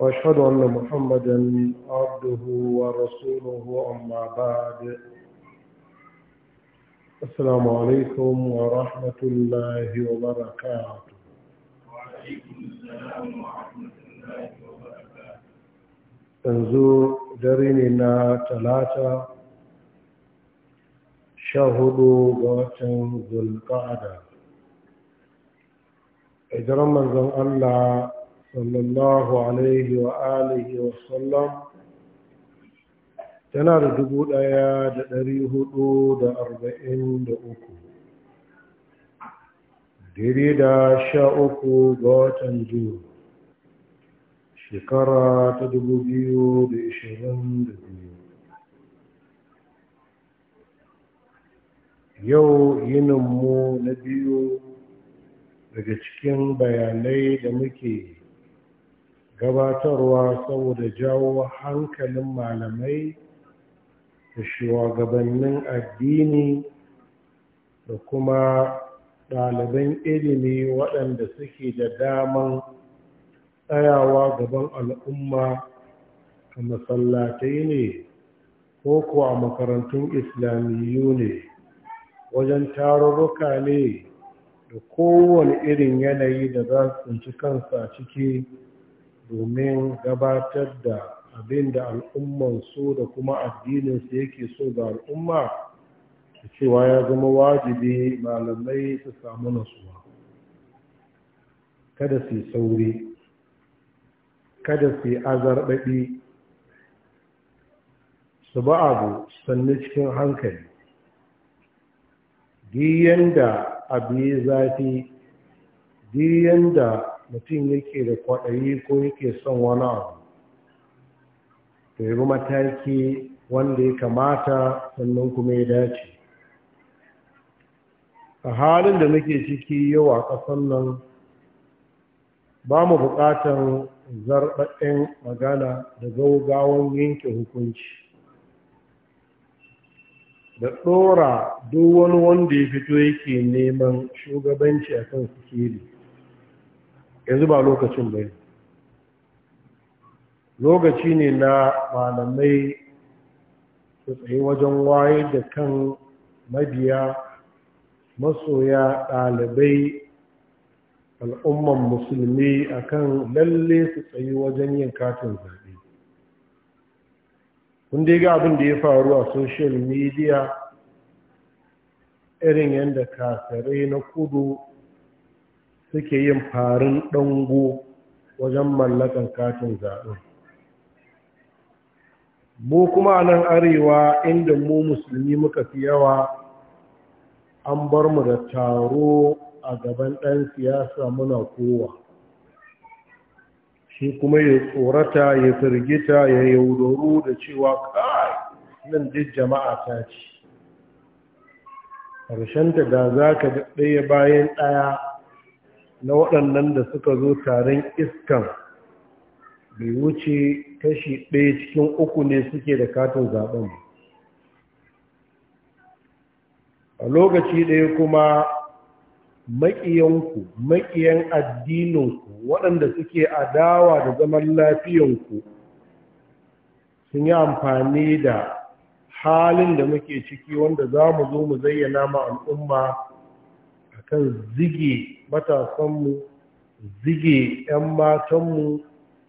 وأشهد أن محمدا عبده ورسوله أما بعد السلام عليكم ورحمة الله وبركاته وعليكم السلام ورحمة الله وبركاته تنزو دريننا ثلاثة شهدوا ذو القعدة إجرام من الله Sallallahu الله عليه وآله وسلم tana da dubu ɗaya da ɗari huɗu da arba'in da uku daidai da sha uku ga watan juni shekara ta dubu biyu da ishirin da biyu yau yininmu na biyu daga cikin bayanai da muke gabatarwa saboda jawo hankalin malamai da shugabannin addini da kuma ɗaliban ilimi waɗanda suke da daman tsayawa gaban al'umma a masallatai ne ko kuwa a makarantun islamiyu ne wajen tarurruka ne da kowane irin yanayi da za su tsinci kansa ciki domin gabatar da abin da al'umman so da kuma addininsu yake so ga al'umma da cewa ya zama wajibi malamai su samu nasuwa kada su yi sauri kada su yi azarbaɗi su ba abu sannu cikin hankali diyan da abu zafi diyan da mutum yake da kwaɗayi ko yake son wani abu to yi mataki wanda ya kamata sannan kuma ya dace a halin da muke ciki yau a ƙasar nan ba mu buƙatar zarɓaɗɗen magana da gaugawan yanke hukunci da ɗora duk wani wanda ya fito yake neman shugabanci a kan sikeli yanzu ba lokacin bai lokaci ne na malamai su tsaye wajen waye da kan mabiya masoya ɗalibai al'umman musulmi a kan lalle su tsaye wajen yin katin zaɓe kun dai ga abin da ya faru a social media irin yadda kasare na kudu suke yin farin ɗango wajen mallakan katin zaɓen mu kuma nan arewa inda mu musulmi muka fi yawa an bar mu da taro a gaban ɗan siyasa muna kowa shi kuma ya tsorata ya firgita ya yaudaru da cewa kai nan duk jama'a ta ce ƙarshenta da za ka ɗaya bayan ɗaya na waɗannan da suka zo taron iskan bai wuce kashi ɗaya cikin uku ne suke da katin zaɓen a lokaci ɗaya kuma maƙiyanku maƙiyan addininku waɗanda suke adawa da zaman lafiyanku sun yi amfani da halin da muke ciki wanda za mu zo mu zayyana ma al'umma a kan zige matasanmu zige 'yan matanmu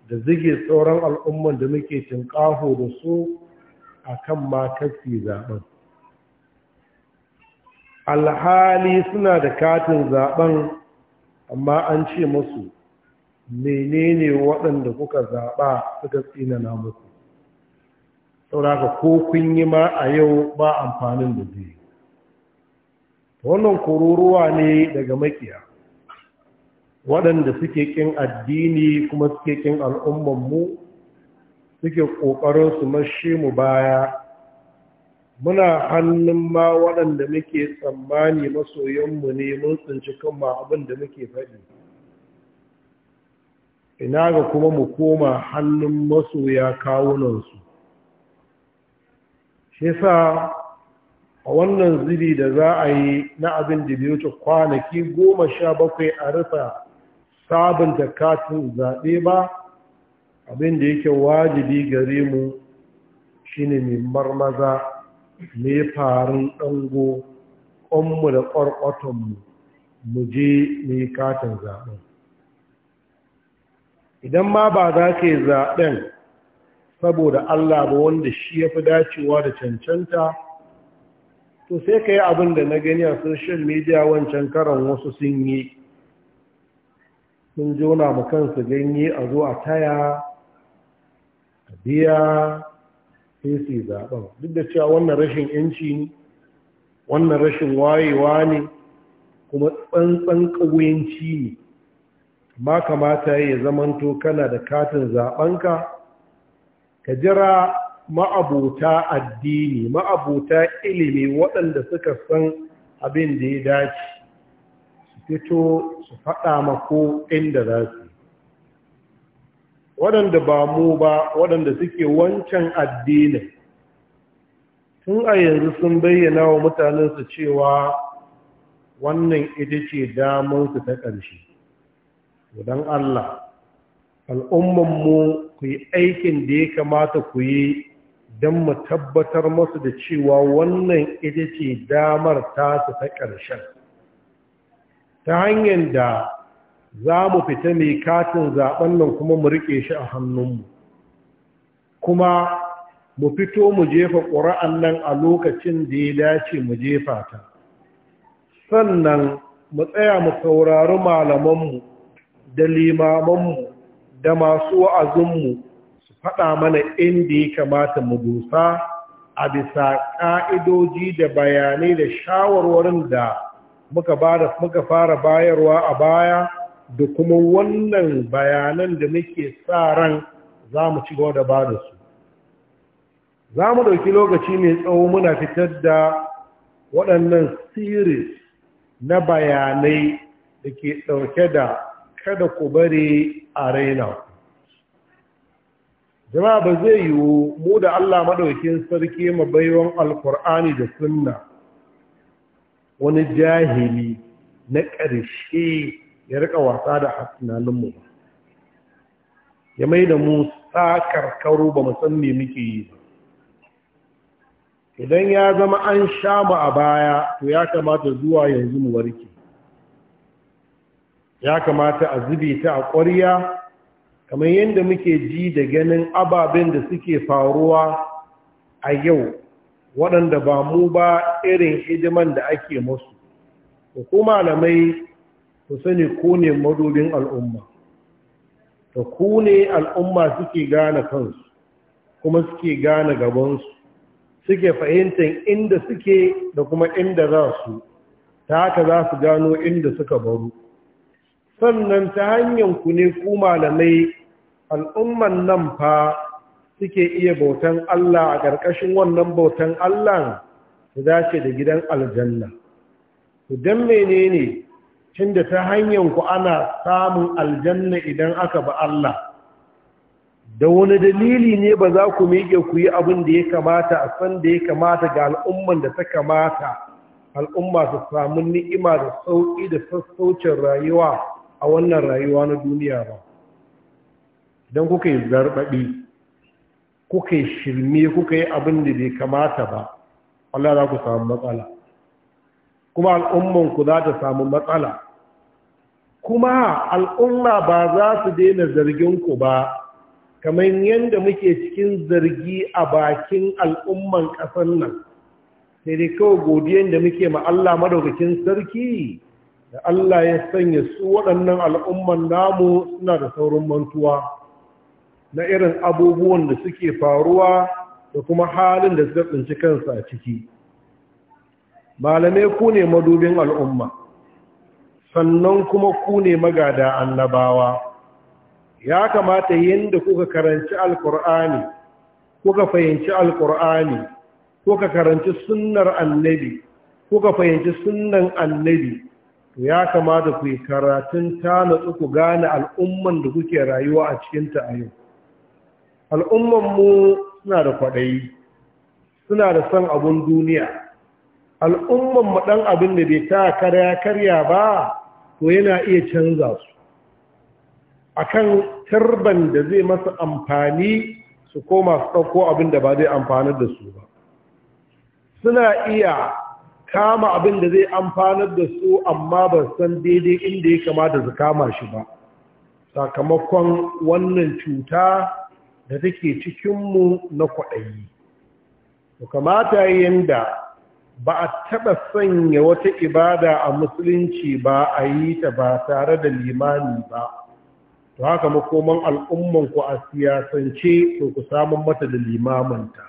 da zige sauran al'umman da muke tunƙaho da su a kan makarci zaɓen alhali suna da katin zaɓen amma an ce musu menene waɗanda kuka zaɓa suka na muku sauraka ko kun yi ma a yau ba amfanin da zai wannan kururuwa ne daga makiya waɗanda suke ƙin addini kuma suke ƙin al'ummanmu suke ƙoƙarin su mashi mu baya muna hannun ma waɗanda muke tsammani masoyanmu ne mun tsinci kanmu abin da muke faɗi ina ga kuma mu koma hannun masoya kawunansu shi sa a wannan ziri da za a yi na abin da biyu kwanaki goma sha bakwai a rufa sabunta katin zaɓe ba abin da yake wajibi gare mu shine mai marmaza mai farin ɗango ƙonmu da ƙwarƙwatonmu mu je mai katin zaɓen idan ma ba za ka yi zaɓen saboda Allah ba wanda shi ya fi dacewa da cancanta to sai ka yi abin da na gani a social media wancan karan wasu sun yi sun jona ma kansu ganye a zo a taya a biya sai su yi zaɓen duk da cewa wannan rashin yanci ne wannan rashin wayewa ne kuma tsantsan ƙawuyanci ne ma kamata ya zamanto kana da katin zaɓenka ka jira ma'abota addini ma'abota ilimi waɗanda suka san abin da ya dace fito su faɗa mako inda za su waɗanda ba mu ba waɗanda suke wancan addinin tun a yanzu sun bayyana wa mutanensu cewa wannan ita ce damansu ta ƙarshe don Allah al'ummanmu ku yi aikin da ya kamata ku yi don mu tabbatar masu da cewa wannan ita ce damar tasu ta ƙarshen ta hanyar da za mu fita mai katin zaben nan kuma mu riƙe shi a hannunmu kuma mu fito mu jefa ƙura'an nan a lokacin da ya dace mu jefa ta sannan mu tsaya mu saurari malamanmu da limamanmu da masu wa'azinmu su faɗa mana inda ya kamata mu dusa a bisa ƙa'idoji da bayanai da shawarwarin da muka bada muka fara bayarwa a baya da kuma wannan bayanan da nake sa ran za mu ci gaba da bada su za mu ɗauki lokaci mai tsawo muna fitar da waɗannan series na bayanai da ke ɗauke da kada ku bari a raina jama'a ba zai yiwu mu da allah maɗaukin sarki mabaiwan alkur'ani da sunna wani jahili na ƙarshe ya rika wasa da hasunalinmu ba ya mai da mu karkaru ba san me muke yi ba idan ya zama an sha mu a baya to ya kamata zuwa yanzu mu warke ya kamata a zube ta a ƙwariya kamar yadda muke ji da ganin ababen da suke faruwa a yau waɗanda ba mu ba irin hidiman da ake masu ko kuma malamai ku sani ku ne madubin al'umma da ku ne al'umma suke gane kansu kuma suke gane gabansu suke fahimtar inda suke da kuma inda za su ta haka za su gano inda suka baru sannan ta hanyar ku ne ku malamai al'umman nan fa suke iya bautan Allah a ƙarƙashin wannan bautan Allah su dace da gidan aljanna idan menene cinda ta hanyar ku ana samun aljanna idan aka ba Allah da wani dalili ne ba za ku miƙe ku yi abin da ya kamata a san da ya kamata ga al'umman da ta kamata al'umma su samu ni'ima da sauƙi da sassaucin rayuwa a wannan rayuwa na duniya ba idan kuka yi zarɓaɓi. kuka yi shirme kuka yi abin da bai kamata ba Allah za ku samu matsala kuma al'ummanku za ta samu matsala kuma al'umma ba za su daina zargin ku ba kamar yadda muke cikin zargi a bakin al'umman ƙasar nan sai dai kawai godiyan da muke ma Allah madaukakin sarki da Allah ya sanya su waɗannan al'umman namu suna da saurin mantuwa na irin abubuwan da suke faruwa da kuma halin da suka tsinci kansa a ciki malamai ku ne madubin al'umma sannan kuma ku ne magada annabawa ya kamata yadda kuka karanci alkur'ani kuka fahimci alkur'ani kuka karanci sunnar annabi kuka fahimci sunnan annabi to ya kamata ku yi karatun ta natsu ku gane al'umman da kuke rayuwa a cikinta a yau al'ummanmu suna da kwaɗayi suna da son abun duniya al'ummanmu ɗan abin da bai ta karya karya ba to yana iya canza su akan turban da zai masa amfani su koma su ɗauko abin da ba zai amfanar da su ba suna iya kama abin da zai amfanar da su amma ba san daidai inda ya kamata su kama shi ba sakamakon wannan cuta da take cikinmu na kwaɗayi to kamata da ba a taɓa sanya wata ibada a musulunci ba a yi ta ba tare da limani ba to haka makoman al'ummanku a siyasance to ku samun mata da limamanta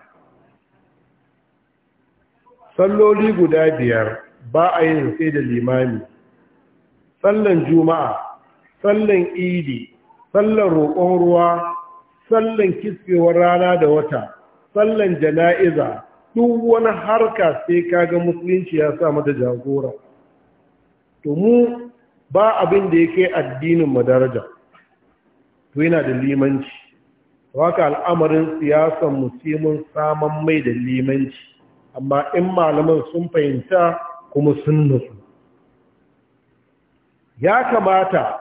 salloli guda biyar ba a yin sai da limami sallan juma'a sallan idi sallan roƙon ruwa sallan kiskewar rana da wata sallan jana'iza duk wani harka sai kaga musulunci ya sa mata jagora to mu ba abin da yake addinin mu daraja to yana da limanci waka al'amarin siyasan musulmin saman mai da limanci amma in malaman sun fahimta kuma sun nutsu ya kamata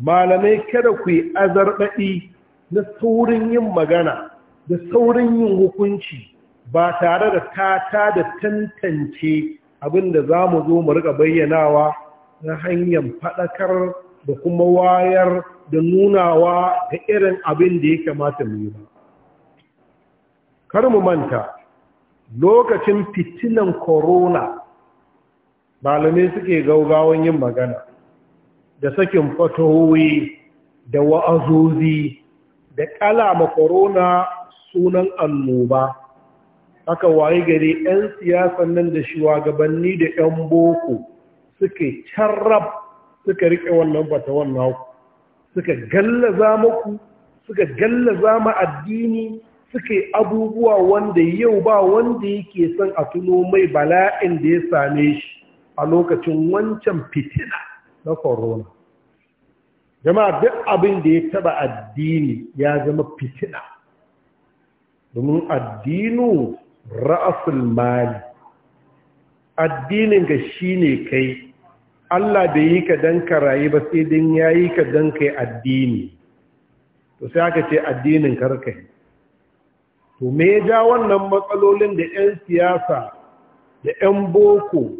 malamai kada ku yi azarɗaɗi. na saurin yin magana da saurin yin hukunci ba tare da tata da tantance abin da za mu zo mu riƙa bayyanawa na hanyar faɗakar da kuma wayar da nunawa da irin abin da ya kamata mu yi ba kar mu manta lokacin fitilan korona, malamai suke gaugawan yin magana da sakin fatowi da wa'azozi da kalama corona sunan annoba haka waye gari 'yan siyasan nan da shugabanni da 'yan boko suke carrab suka rike wannan bata wannan suka gallaza muku suka gallaza ma addini suke abubuwa wanda yau ba wanda yake son a tuno mai bala'in da ya same shi a lokacin wancan fitina na corona jama'a duk abin da ya taba addini ya zama fitina domin addinu ra'asul mali addinin ga shine kai Allah bai yi ka dan ka rayu ba sai din yayi ka dan kai addini to sai aka ce addinin karkai to me ya ja wannan matsalolin da 'yan siyasa da 'yan boko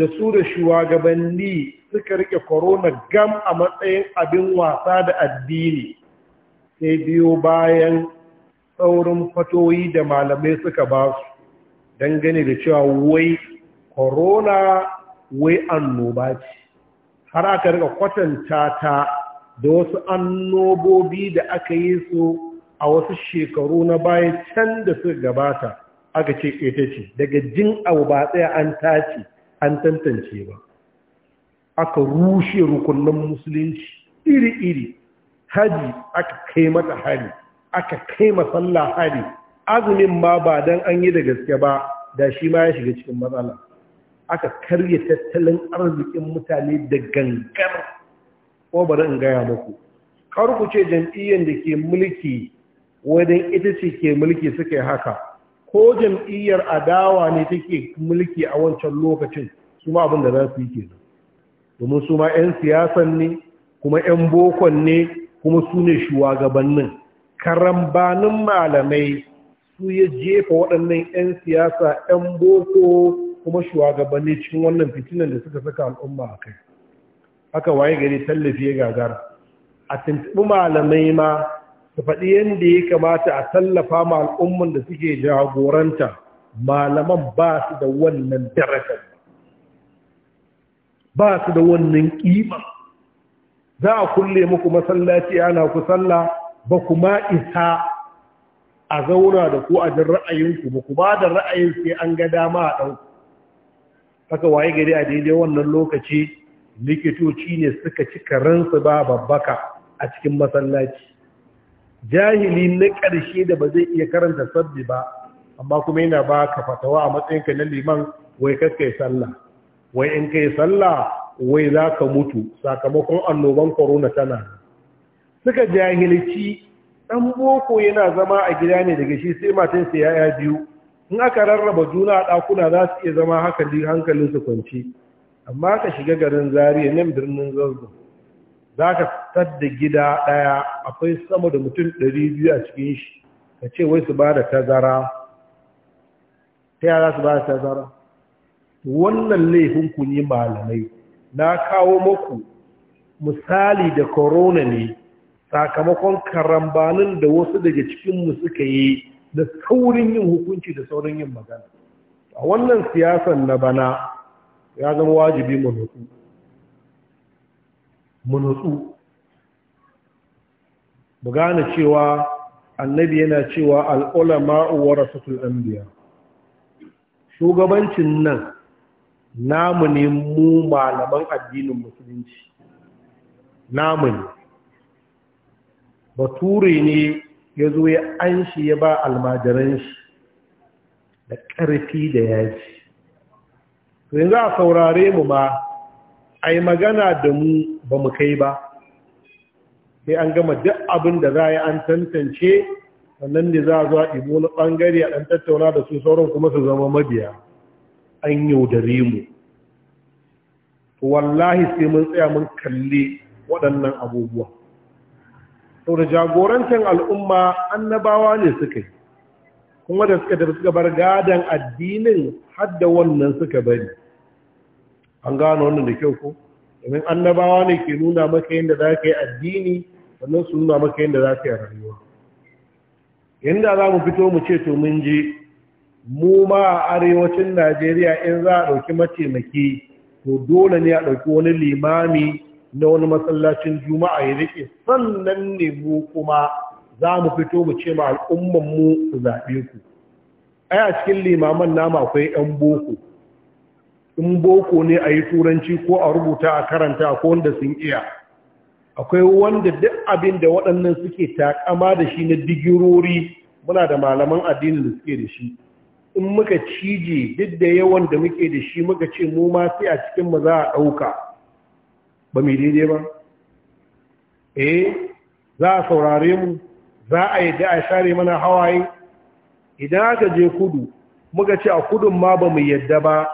da su da shugabanni suka rike korona gam a matsayin abin wasa da addini sai biyo bayan tsaurin fatoyi da malamai suka ba su dangane da cewa wai korona wai annoba ce har aka rika kwatanta ta da wasu annobobi da aka yi su a wasu shekaru na baya can da suka gabata aka ce ita ce daga jin abu ba tsaya an tace an tantance ba aka rushe rukunan musulunci iri-iri haji aka kai mata hari aka kai masalla hari azumin ma ba don an yi da gaske ba da shi ma ya shiga cikin matsala aka karya tattalin arzikin mutane da gangar ko bari in gaya muku kar ku ce jam'iyyar da ke mulki wadan ita ce ke mulki suka yi haka ko jam'iyyar adawa ne take mulki a wancan lokacin su ma abin da za su yi kenan domin su ma 'yan siyasan ne kuma 'yan bokon ne kuma su ne shugabannin karambanin malamai su ya jefa waɗannan 'yan siyasa 'yan boko kuma shugabanni cikin wannan fitinan da suka saka al'umma a kai haka waye gari tallafi ya gagara a tuntuɓi malamai ma su faɗi yadda ya kamata a tallafa ma al'umman da suke jagoranta malaman ba su da wannan darajar ba su da wannan ƙima za a kulle muku masallaci ana ku salla ba ku ma isa a zauna da ku a jin ra'ayinku ba ku ba da ra'ayin sai an ga dama a ɗauku haka waye gari a daidai wannan lokaci likitoci ne suka ci karansu ba babbaka a cikin masallaci jahili na ƙarshe da ba zai iya karanta sabbi ba amma kuma yana ba ka fatawa a matsayinka na liman wai kakkai sallah wai in kai sallah wai za ka mutu sakamakon annoban korona tana suka jahilci ɗan boko yana zama a gida ne daga shi sai sa yaya biyu in aka rarraba juna a ɗakuna za su iya zama hankali hankalin su kwanci amma ka shiga garin zariya nan birnin zazzo za ka tadda gida ɗaya akwai sama da mutum ɗari biyu a cikin shi ka ce wai su ba tazara ta su ba tazara wannan laifin ku ne malamai na kawo muku misali da korona ne sakamakon karambanin da wasu daga cikinmu suka yi da saurin yin hukunci da saurin yin magana a wannan siyasan na bana ya zama wajibi mu nutsu mu nutsu mu gane cewa annabi yana cewa al'ulama warasatul anbiya shugabancin nan namu ne mu malaman addinin musulunci namu ne bature ne ya zo ya an shi ya ba almajiran shi da ƙarfi da yaji to yanzu a saurare mu ma a yi magana da mu ba mu kai ba sai an gama duk abin da za a yi an tantance sannan ne za a zuwa ibo na ɓangare a ɗan tattauna da su sauran kuma su zama mabiya an yaudare mu wallahi sai mun tsaya mun kalli waɗannan abubuwa sau da jagorancin al'umma annabawa ne suka yi kuma da suka tafi suka bar gadon addinin hadda wannan suka bari an gano wannan da kyau ko domin annabawa ne ke nuna maka yadda za ka yi addini sannan su nuna maka yadda za ka yi rayuwa yadda za mu fito mu ce to mun je mu ma a arewacin najeriya in za a ɗauki mataimaki to dole ne a ɗauki wani limami na wani masallacin juma'a ya rike sannan ne mu kuma za mu fito mu ce ma al'umman mu su zaɓe ku ai a cikin limaman nama akwai 'yan boko in boko ne a yi turanci ko a rubuta a karanta ko wanda sun iya akwai wanda duk abin da waɗannan suke takama da shi na digirori muna da malaman addinin da suke da shi in muka cije duk da yawan da muke da shi muka ce mu ma sai a cikin mu za a ɗauka ba mai daidai ba eh za a saurare mu za a yi da a share mana hawaye idan aka je kudu muka ce a kudun ma ba mu yadda ba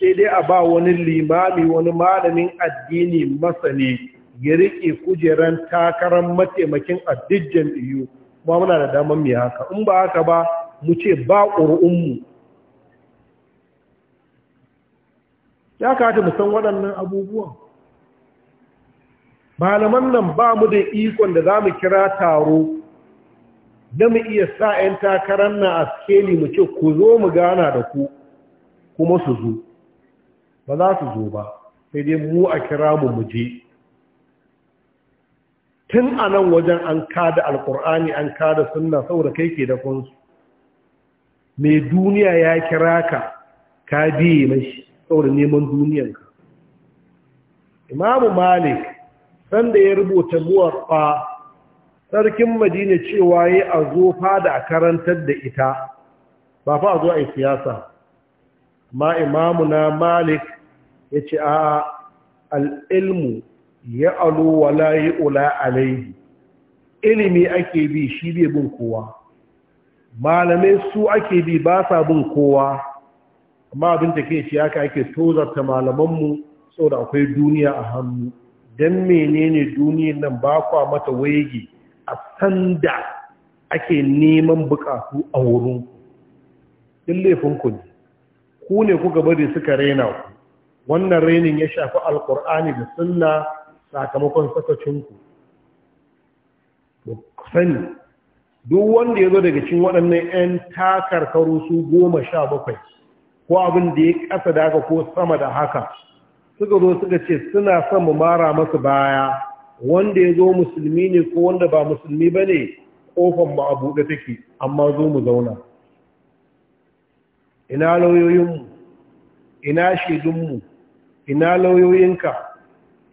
sai dai a ba wani limami wani malamin addini masani ya riƙe kujeran takarar mataimakin addijin iyo kuma muna da damar mai haka in ba haka ba mu ce ba ƙuri'unmu ya kata mu san waɗannan abubuwan malaman nan ba mu da ikon da za mu kira taro da mu iya sa 'yan takarar na a mu ce ku zo mu gana da ku kuma su zo ba za su zo ba sai dai mu a kira mu mu je tun anan wajen an kada alkur'ani an kada sunna saboda kai ke da kunsu mai duniya ya kira ka ka biye mashi saboda neman duniyanka imamu malik sanda ya rubuta muwaffa sarkin madina cewa ya a zo fada a karantar da ita ba fa a zo a yi siyasa ma imamu na malik ya ce a al'ilmu ya alo wa ya ula ilimi ake bi shi bai bin kowa malamai su ake bi ba sa bin kowa amma abin da ke shi haka ake tozarta malamanmu saboda akwai duniya a hannu don menene duniyar nan ba kwa mata wege a sanda ake neman bukatu a wurin din laifinku ne ku ne kuka bari suka raina ku wannan rainin ya shafi alkur'ani da sunna sakamakon sakacinku ku sani duk wanda ya zo daga cikin waɗannan 'yan takarkaru su goma sha bakwai ko abin da ya ƙasa da haka ko sama da haka suka zo suka ce suna son mu mara masu baya wanda ya zo musulmi ne ko wanda ba musulmi ba ne ƙofan mu a buɗe take amma zo mu zauna ina lauyoyinmu ina shaidunmu ina lauyoyinka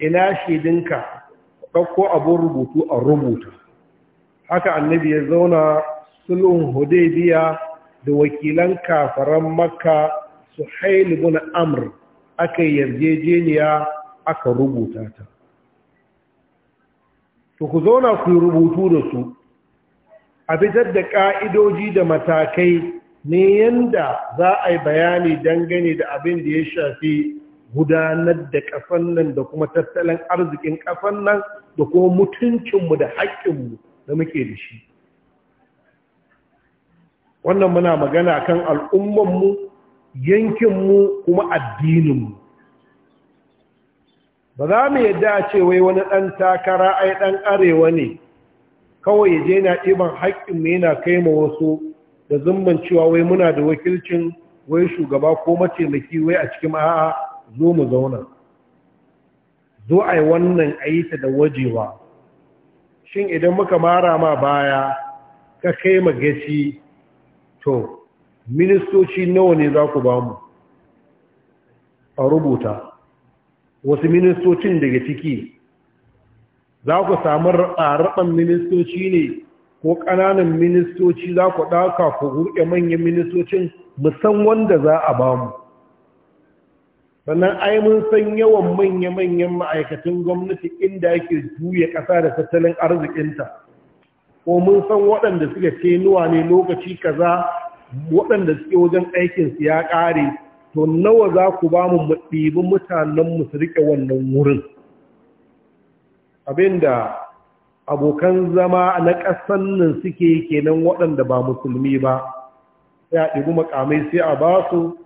ina shaidinka ɗauko abin rubutu a rubuta haka annabi ya zauna sulhun hudaybiya da wakilan kafaran makka su ibn amr aka yarjejeniya aka rubuta ta to ku zauna ku rubutu da su a fitar da ƙa'idoji da matakai ne yanda za a yi bayani dangane da abin da ya shafi gudanar da ƙasan nan da kuma tattalin arzikin kafan nan da kuma mutuncinmu da haƙƙinmu da muke da shi wannan muna magana kan al'umman al'ummanmu yankinmu kuma addininmu ba za mu yadda ce wai wani ɗan takara ai ɗan arewa ne kawai ya je na ɗiban haƙƙinmu yana kai ma wasu da zumban cewa wai muna da wakilcin wai shugaba ko mataimaki wai a cikin a'a zo mu zauna zo a yi wannan a da wajewa shin idan muka mara ma baya ka kai ma gaci to ministoci nawa ne za ku ba mu a rubuta wasu ministocin daga ciki za ku samu raɓan ministoci ne ko ƙananan ministoci za ku ɗaka ku gurɗe manyan ministocin san wanda za a ba mu sannan ai mun san yawan manya-manyan ma'aikatan gwamnati inda yake juya ƙasa da tattalin arzikinta ko mun san waɗanda suka ce nuwa ne lokaci kaza waɗanda suke wajen aikinsu ya ƙare to nawa za ku ba mu ɗibi mutanenmu su riƙe wannan wurin abinda abokan zama na ƙasan nan suke kenan waɗanda ba musulmi ba sai a ɗibi makamai sai a ba su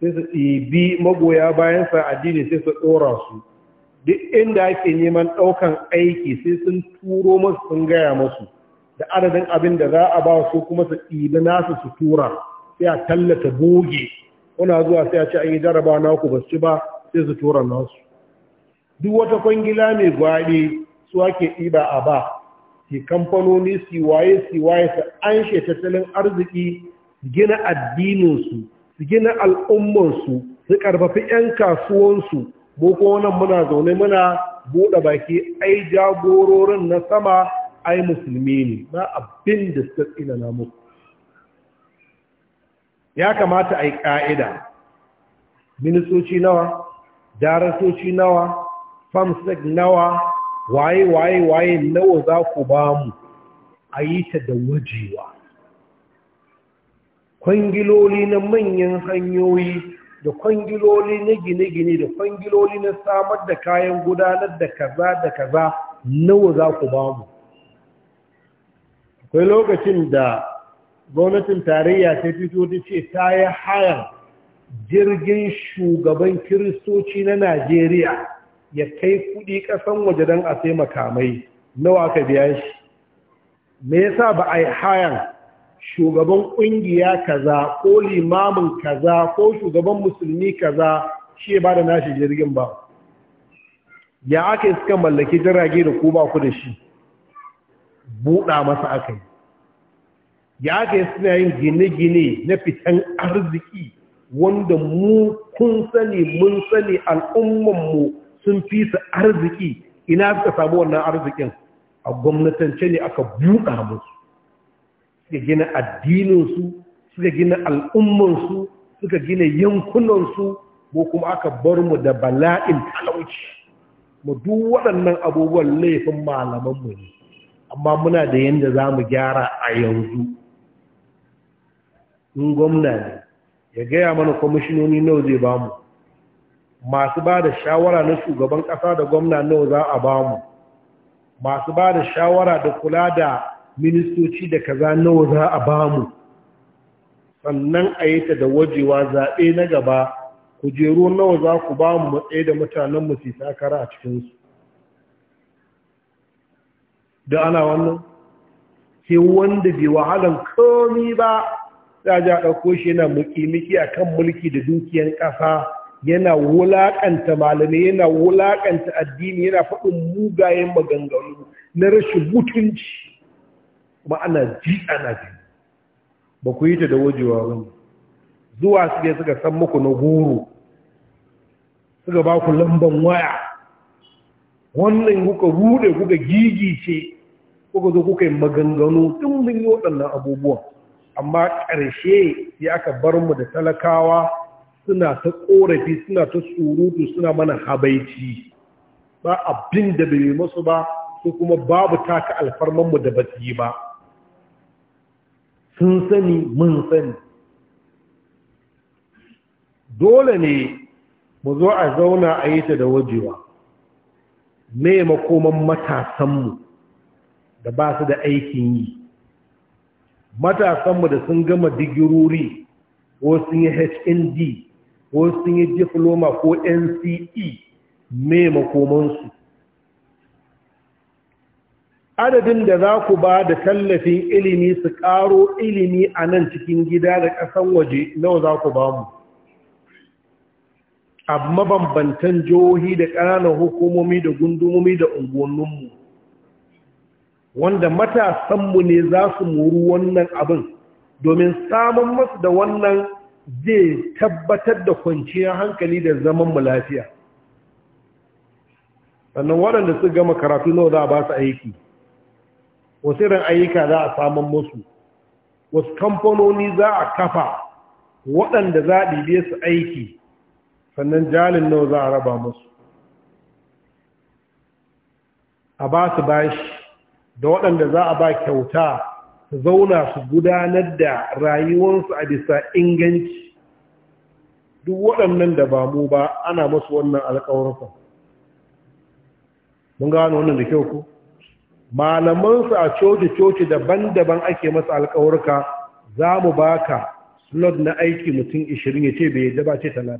sai su ɗibi magoya bayan sa addini sai su dora su duk inda ake neman ɗaukan aiki sai sun turo masu sun gaya masu da adadin abin da za a ba su kuma su ɗibi nasu su tura sai a tallata boge kuna zuwa sai a ce an yi jaraba ku ba su ci ba sai su tura nasu duk wata kwangila mai gwaɗe su ake ɗiba a ba ke kamfanoni siwaye siwaye su an tattalin arziki gina addininsu su gina al'ummansu su ƙarfafi 'yan kasuwansu mu kuma nan muna zaune muna buɗe baki ai jagororin na sama ai musulmi ne ba abin da suka tsina na muku ya kamata a yi ƙa'ida ministoci nawa darasoci nawa famsek nawa waye waye waye nawa za ku ba mu a yi ta da wajewa kwangiloli na manyan hanyoyi da kwangiloli na gine-gine da kwangiloli na samar da kayan gudanar da kaza da kaza nawa za ku ba mu akwai lokacin da gwamnatin tarayya ta fito ta ce ta yi hayar jirgin shugaban kiristoci na najeriya ya kai kudi kasan waje don a sai makamai nawa ka biya shi me yasa ba a yi hayar shugaban ƙungiya kaza ko limamin kaza ko shugaban musulmi kaza shi ba da nashi jirgin ba ya aka yi suka mallaki jirage da ku ba ku da shi buɗa masa aka yi ya aka yi suna yin gine-gine na fitan arziki wanda mu kun sani mun sani al'ummanmu sun fi su arziki ina suka samu wannan arzikin a gwamnatance ne aka buɗa musu suka gina addininsu suka gina al'ummansu suka gina yankunansu ko kuma aka bar mu da bala'in talauci mu duk waɗannan abubuwan laifin malamanmu ne amma muna da yadda za mu gyara a yanzu in gwamna ne ya gaya mana kwamishinoni nau' zai ba mu masu ba da shawara na shugaban ƙasa da gwamna nau' za a ba mu masu ba da shawara da kula da ministoci da kaza nawa za a bamu sannan a yi ta da wajewa zaɓe na gaba kujeru nawa za ku ba mu matsayi da mutanen mu takara a cikinsu da ana wannan Ke wanda bai wahalan komi ba ta ja ɗauko shi yana mukimiki a kan mulki da dukiyar ƙasa yana wulaƙanta malamai yana wulaƙanta addini yana faɗin mugayen maganganu na rashin mutunci kuma ana ji ana ji ba ku yi ta da wajewa wani zuwa suke suka san muku na goro suka ba ku lamban waya wannan kuka rude kuka gigice kuka zo kuka yi maganganu tun mun yi waɗannan abubuwan amma ƙarshe ya aka bar mu da talakawa suna ta ƙorafi suna ta surutu suna mana habaici ba abin da bai masu ba su kuma babu taka alfarmanmu da su yi ba sun sani mun sani dole ne mu zo a zauna a yi ta da wajewa me makoman matasanmu da ba su da aikin yi matasanmu da sun gama digirori ko sun yi hnd ko sun yi diploma ko nce me makomansu adadin da za ku ba da tallafin ilimi su ƙaro ilimi a nan cikin gida da ƙasan waje nawa za ku ba mu a mabambantan jihohi da ƙananan hukumomi da gundumomi da unguwanninmu wanda matasanmu ne za su muru wannan abin domin samun masu da wannan zai tabbatar da kwanciyar hankali da zaman mu lafiya sannan waɗanda su gama karatu nawa za a ba su aiki wasu irin ayyuka za a samun musu wasu kamfanoni za a kafa waɗanda za a ɗibe su aiki sannan jalin nawa za a raba musu a ba su bashi da waɗanda za a ba kyauta su zauna su gudanar da rayuwarsu a bisa inganci duk waɗannan da ba mu ba ana musu wannan alƙawarsa mun gano wannan da kyau ku malamansu a coci-coci daban-daban ake masa alkawarka za mu baka slot na aiki mutum 20 ya ce bai yadda ba ce 30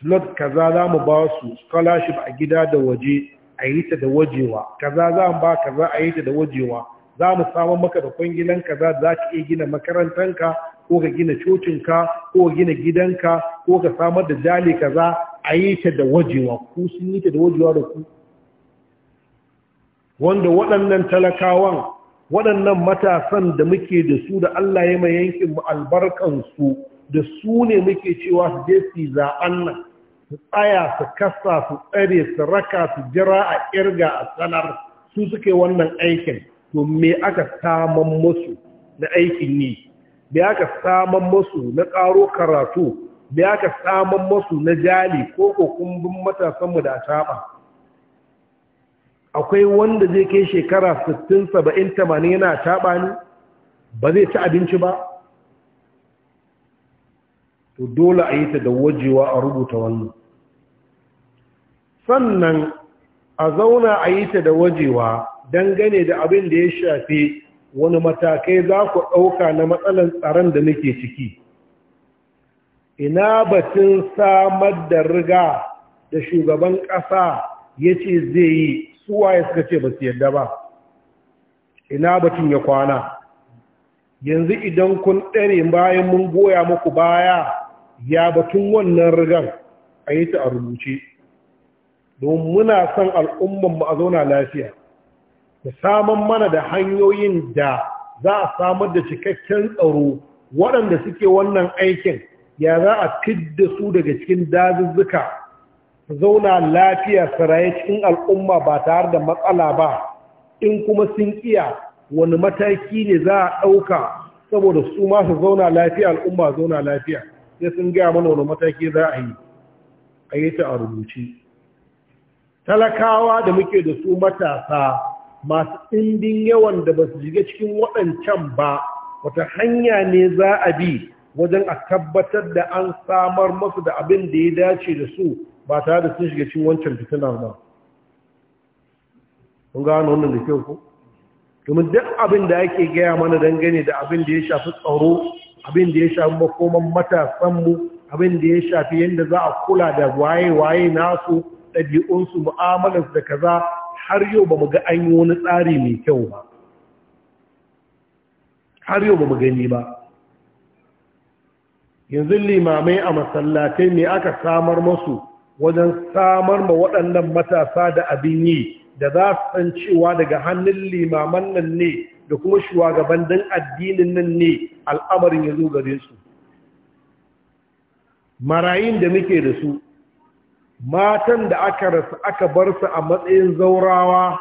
slot kaza za mu ba su scholarship a gida da waje a yi ta da wajewa kaza za mu ba kaza a yi ta da wajewa za mu samun maka da kwangilan kaza za ka iya gina makarantanka ko ka gina cocinka ko gina gidanka ko ka samar da jali kaza a yi ta da wajewa ku sun yi ta da wajewa da ku wanda waɗannan talakawan waɗannan matasan da muke da su da Allah ya mai yankin mu albarkansu da su ne muke cewa su je su zaɓen nan su tsaya su kasa su tsare su raka su jira a ƙirga a sanar su suke wannan aikin to me aka saman musu na aikin yi me aka saman musu na ƙaro karatu Me aka saman musu na jali ko kokumbin matasanmu da a taɓa? akwai wanda zai kai shekara 60 70 yana taɓa ni ba zai ci abinci ba to dole a yi ta da wajewa a rubuta wannan sannan a zauna a yi ta da wajewa dangane da abin da ya shafi wani matakai za ku ɗauka na matsalar tsaron da nake ciki ina batun samar da riga da shugaban ƙasa ya ce zai yi ya suka ce ba su yadda ba ina batun ya kwana yanzu idan kun ɗare bayan mun goya muku baya ya batun wannan rigar a yi ta a rubuce don muna son al'ummanmu a zauna lafiya da saman mana da hanyoyin da za a samar da cikakken tsaro waɗanda suke wannan aikin ya za a fidda su daga cikin dazuzzuka zauna lafiya saraye cikin al'umma ba tare da matsala ba in kuma sun iya wani mataki ne za a ɗauka saboda su masu zauna lafiya al'umma zauna lafiya sai sun gaya mana wani mataki za a yi a yi ta a rubuce talakawa da muke da su matasa masu ɗimbin yawan da ba su shiga cikin waɗancan ba wata hanya ne za a bi wajen a tabbatar da an samar masu da abin da ya dace da su ba tare da sun shiga cin wancan fitinar ba kun gano wannan da kyau ko domin duk abin da ake gaya mana dangane da abin da ya shafi tsaro abin da ya shafi makoman matasanmu abin da ya shafi yadda za a kula da waye-waye nasu ɗabi'unsu mu'amalar da kaza har yau ba mu ga an yi wani tsari mai kyau ba har yau ba mu gani ba yanzu limamai a masallatai ne aka samar masu wajen samar ma waɗannan matasa da abin yi da za su san cewa daga hannun limaman nan ne da kuma shugaban shugabannin addinin nan ne al'amarin ya zo gare su marayin da muke da su matan da aka rasu aka bar su a matsayin zaurawa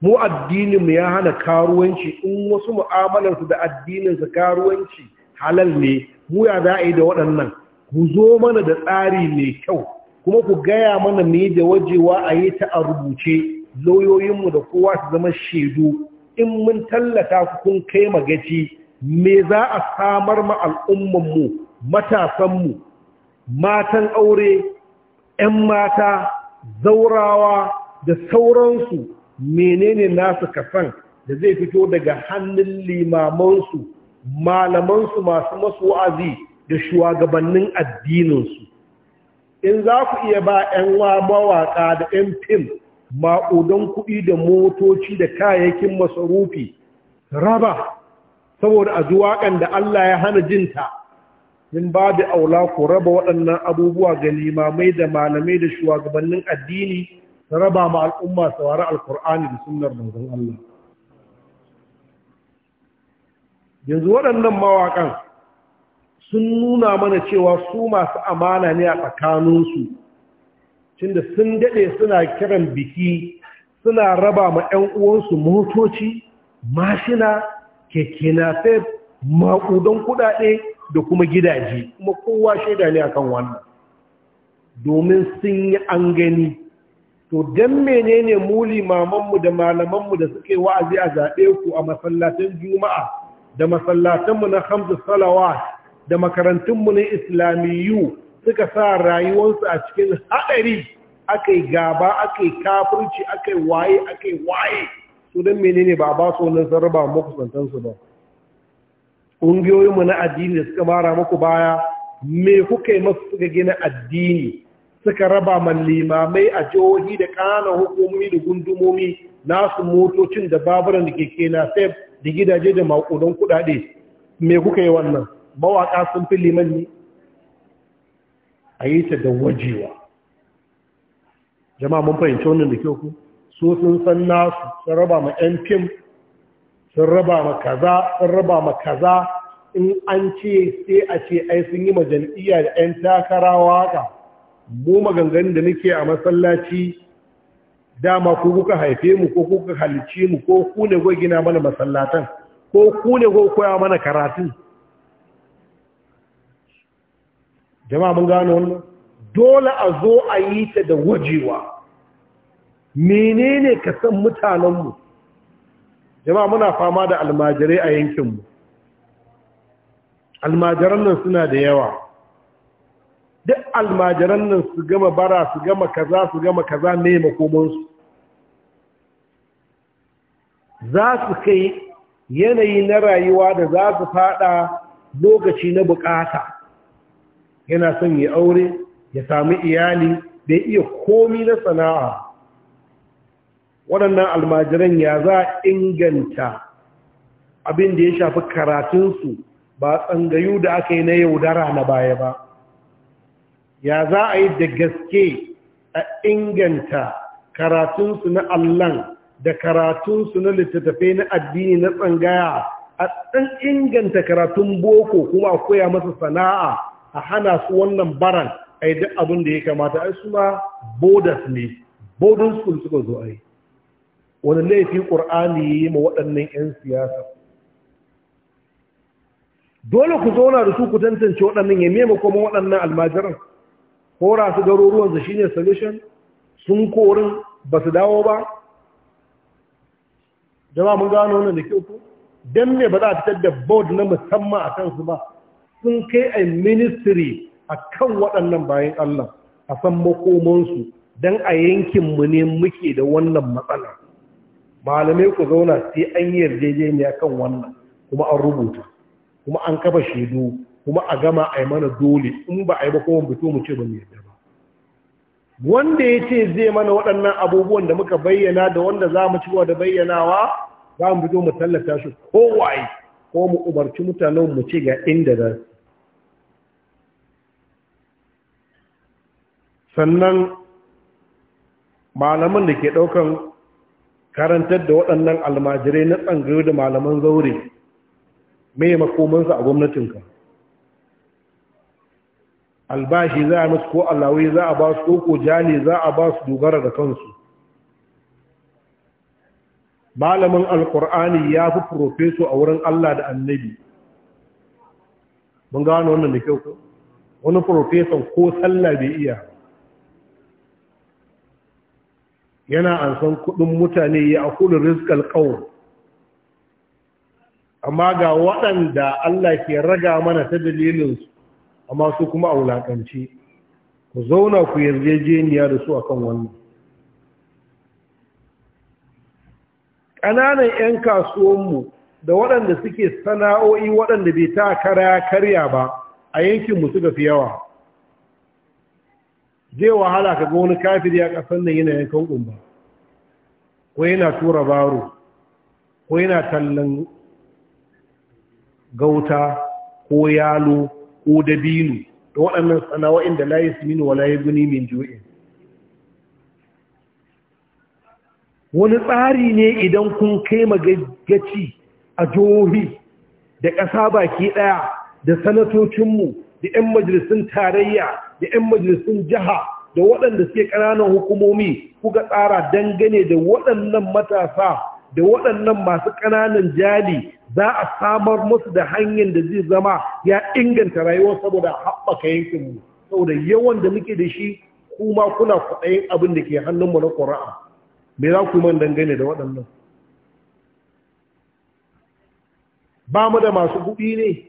mu addinin mu ya hana karuwanci in wasu mu'amalarsu da addinin su karuwanci halal ne mu ya za yi da waɗannan ku zo mana da tsari mai kyau kuma ku gaya mana mai da wajewa a yi ta a rubuce lauyoyinmu da kowa su zama shaidu in mun tallata ku kun kai magaci me za a samar ma al'ummanmu matasanmu matan aure 'yan mata zaurawa da sauransu menene nasu kasan da zai fito daga hannun limamansu malamansu masu masu wa'azi da shugabannin addininsu in za ku iya ba 'yan mawaƙa da 'yan fim ma'udan kuɗi da motoci da kayayyakin masarufi raba saboda a waƙan da Allah ya hana jinta in ba da aula ku raba waɗannan abubuwa ga limamai da malamai da shugabannin addini ta raba ma al'umma saurari alkur'ani da sunar Allah yanzu waɗannan mawakan. sun nuna mana cewa su masu amana ne a tsakaninsu tunda sun daɗe suna kiran biki suna raba ma 'yan uwansu motoci mashina keke nafef maƙudan kuɗaɗe da kuma gidaje kuma kowa shaida ne akan wannan domin sun yi an gani to don menene mu limamanmu da malamanmu da suke wa'azi a zaɓe ku a masallatan juma'a da masallatanmu na hamdu salawat da makarantunmu na islamiyu suka sa rayuwarsu a cikin haɗari aka yi gaba aka yi kafirci aka yi waye aka yi waye su don menene ba ba su wannan muku makusantansu ba ƙungiyoyinmu na addini da suka mara muku baya me kuka yi masu suka gina addini suka raba man limamai a jihohi da ƙananan hukumomi da gundumomi nasu motocin da baburan da keke na da gidaje da maƙudan kuɗaɗe me kuka yi wannan mawaƙa sun fi liman ne a yi ta da wajewa jama'a mun fahimci wannan da kyau su sun san nasu sun raba ma 'yan fim sun raba ma kaza sun raba ma kaza in an ce sai a ce ai sun yi ma da 'yan takara waka mu maganganun da nake a masallaci dama ku kuka haife mu ko kuka halicce mu ko ku ne gina mana masallatan ko ku ne koya mana karatun jama'a mun gano wannan dole a zo a yi ta da wajewa menene ka san mutanenmu jama'a muna fama da almajirai a yankinmu almajiran nan suna da yawa duk almajiran nan su gama bara su gama kaza su gama kaza ne makomansu za su kai yanayi na rayuwa da za su fada lokaci na bukata yana son ya aure ya samu iyali da iya komi na sana'a waɗannan almajiran ya za a inganta abin da ya shafi karatunsu ba tsangayu da aka yi na yaudara na baya ba ya za a yi da gaske a inganta karatunsu na allan da karatunsu na littattafai na addini na tsangaya a ɗan inganta karatun boko kuma a koya masa sana'a a hana su wannan baran a yi duk abin da ya kamata ai su ma ne bodin school suka zo a yi. wani laifin ƙur'ani ya yi ma waɗannan 'yan siyasa dole ku zauna da su ku tantance waɗannan ya mema kuma waɗannan almajiran kora su garuruwansu shi ne solution sun korin ba su dawo ba jama mun gano wannan da kyau ku don me ba za a fitar da bod na musamman a kansu ba sun kai a ministry a kan waɗannan bayan Allah a san makomansu don a yankinmu ne muke da wannan matsala malamai ku zauna sai an yi yarjejeniya kan wannan kuma an rubuta kuma an kafa shaidu kuma a gama a yi mana dole in ba a yi ba kuma fito mu ce ba mu yarda ba wanda ya ce zai mana waɗannan abubuwan da muka bayyana da wanda za mu ci da bayyanawa za mu fito mu tallata shi kowai. ko mu umarci mutanen mu ci ga inda za sannan malaman da ke ɗaukan karantar da waɗannan almajirai na tsangayo da malaman zaure mai makomansa a gwamnatinka albashi za a musu ko allawi za a ba su ko jali za a ba su dogara da kansu malamin alkur'ani ya fi profeso a wurin Allah da annabi mun gano wannan da kyau wani profeson ko sallah bai iya yana ansan kudin mutane ya akulu rizqal qawm amma ga waɗanda Allah ke raga mana ta su amma su kuma a wulakance, ku zauna ku yarjejeniya da su akan wannan ƙananan 'yan kasuwanmu da waɗanda suke sana'o'i waɗanda bai ta kara karya ba a yankinmu suka fi yawa zai wahala ka ga wani kafiri a ƙasar nan yana yankan ƙumba ko yana tura baro ko yana tallan gauta ko yalo ko dabino da waɗannan sana'o'in da layi su minu wa layi guni min ju'in wani tsari ne idan kun kai magagaci a jihohi da ƙasa baki ɗaya da sanatocinmu da 'yan majalisun tarayya da 'yan majalisun jiha da waɗanda suke ƙananan hukumomi kuka tsara dangane da waɗannan matasa da waɗannan masu ƙananan jali za a samar musu da hanyar da zai zama ya inganta rayuwa saboda haɓaka yankinmu saboda yawan da muke da shi kuma kuna kwaɗayin abin da ke hannunmu na ƙura'a me za ku man dangane da waɗannan ba mu da masu kuɗi ne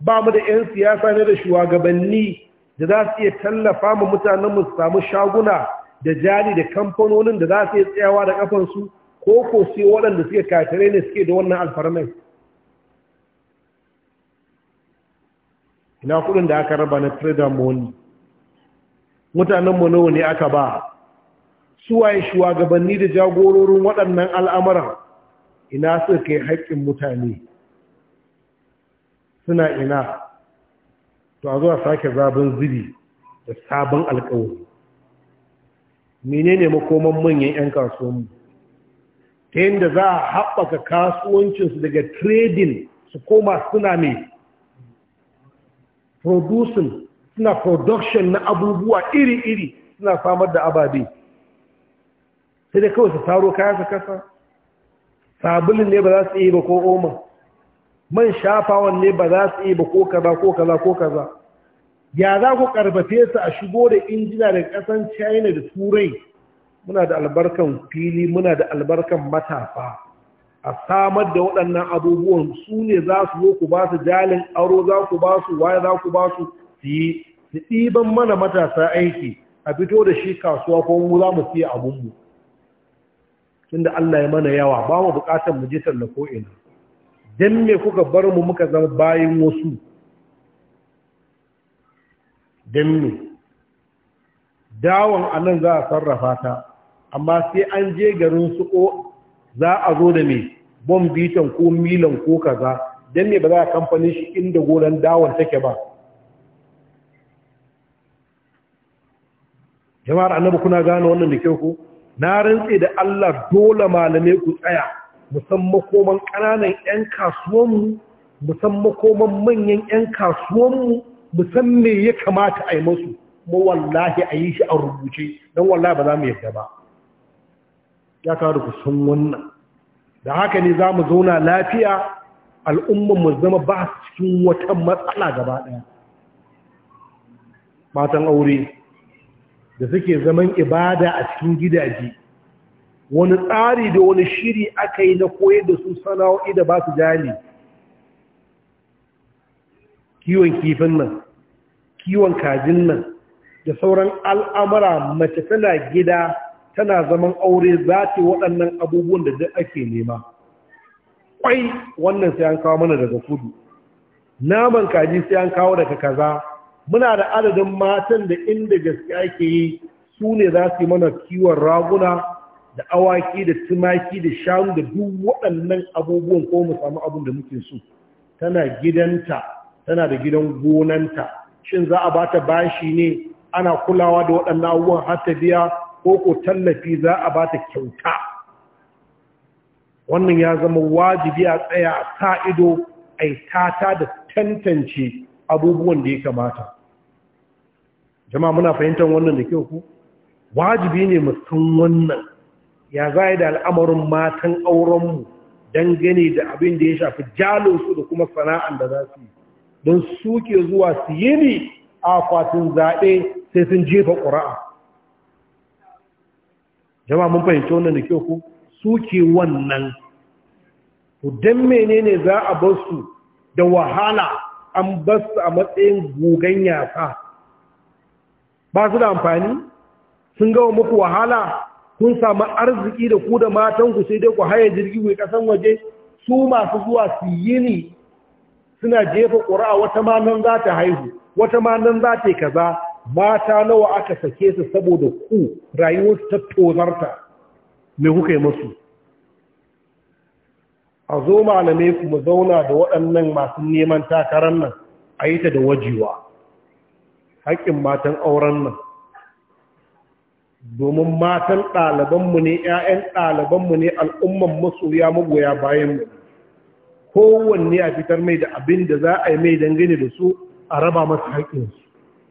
ba mu da 'yan siyasa ne da shugabanni da za su iya tallafa mu mutanen mu samu shaguna da jari da kamfanonin da za su iya tsayawa da kafansu ko ko sai waɗanda suke katare ne suke da wannan alfarmai ina kuɗin da aka raba na freedom money mutanen mu nawa ne aka ba suwaye shugabanni da jagororin waɗannan al'amuran ina suka kai haƙƙin mutane suna ina to a zuwa sake zaben zubi da sabon alƙawari menene makoman manyan 'yan kasuwanmu ta yadda za a haɓaka kasuwancinsu daga trading su koma suna mai producing suna production na abubuwa iri-iri suna samar da ababe sai da kawai su taro kaya su kasa sabulin ne ba za su yi ba ko oma man shafawan ne ba za su yi ba ko kaza ko kaza ko kaza ya za ku karfafe su a shigo da injina da kasan china da turai muna da albarkan fili muna da albarkan matafa a samar da waɗannan abubuwan su ne za su zo ku ba su jalin aro za ku ba su waye za ku ba su su yi su ɗiban mana matasa aiki a fito da shi kasuwa ko mu za mu siya abubuwa tunda Allah ya mana yawa ba mu bukatar mu je sallah ko ina dan me kuka bar mu muka zama bayin wasu dan me dawon anan za a sarrafa ta amma sai an je garin su ko za a zo da me bom bitan ko milan ko kaza dan me ba za a kamfani shi inda goran dawon take ba jama'ar annabi kuna gane wannan da kyau ko na rantse da Allah dole malamai ku tsaya musamman koman ƙananan 'yan kasuwanmu musamman koman manyan 'yan kasuwanmu musamman ya kamata a yi musu mu wallahi a yi shi a rubuce don wallahi ba za mu yadda ba ya kawo da kusan wannan da haka ne za mu zauna lafiya mu zama ba cikin wata matsala gaba ɗaya matan aure da suke zaman ibada a cikin gidaje wani tsari da wani shiri aka yi na koyar da su sana'o'i da ba su jali kiwon kifin nan kiwon kajin nan da sauran al'amura mace tana gida tana zaman aure za ta waɗannan abubuwan da duk ake nema kwai wannan sai an kawo mana daga kudu naman kaji sai an kawo daga kaza muna da adadin matan da inda gaske ake yi su ne za su yi mana kiwon raguna da awaki da tumaki da shanu da duk waɗannan abubuwan ko mu samu abin da muke so tana gidanta tana da gidan gonanta shin za a ba ta bashi ne ana kulawa da waɗannan abubuwan har biya ko ko tallafi za a ba ta kyauta wannan ya zama wajibi a tsaya a sa ido a tata da tantance abubuwan da ya kamata jama'a muna fahimtar wannan da kyau ku wajibi ne mu san wannan ya zai da al'amarin matan aurenmu dangane da abin da ya shafi jalinsu da kuma sana'an da za su yi don suke zuwa su yi ne a kwatin zaɓe sai sun jefa ƙura'a jama'a mun fahimci wannan da kyau ku suke wannan to don menene za a bar su da wahala an bar su a matsayin gugan yasa ba su da amfani sun gawa muku wahala kun samu arziki da ku da matanku sai dai ku haya jirgi ku kasan waje su masu zuwa su yi ni suna jefa ƙuri'a wata ma nan za ta haihu wata ma nan za ta yi kaza mata nawa aka sake su saboda ku rayuwarsu ta tozarta me kuka yi musu a zo malamai kuma zauna da waɗannan masu neman takarar nan a yi ta da wajewa. haƙƙin matan auren nan domin matan ɗalibanmu ne 'ya'yan ɗalibanmu ne al'umman masoya magoya bayanmu kowanne a fitar mai da abin da za a yi mai dangane da su a raba masa haƙƙinsu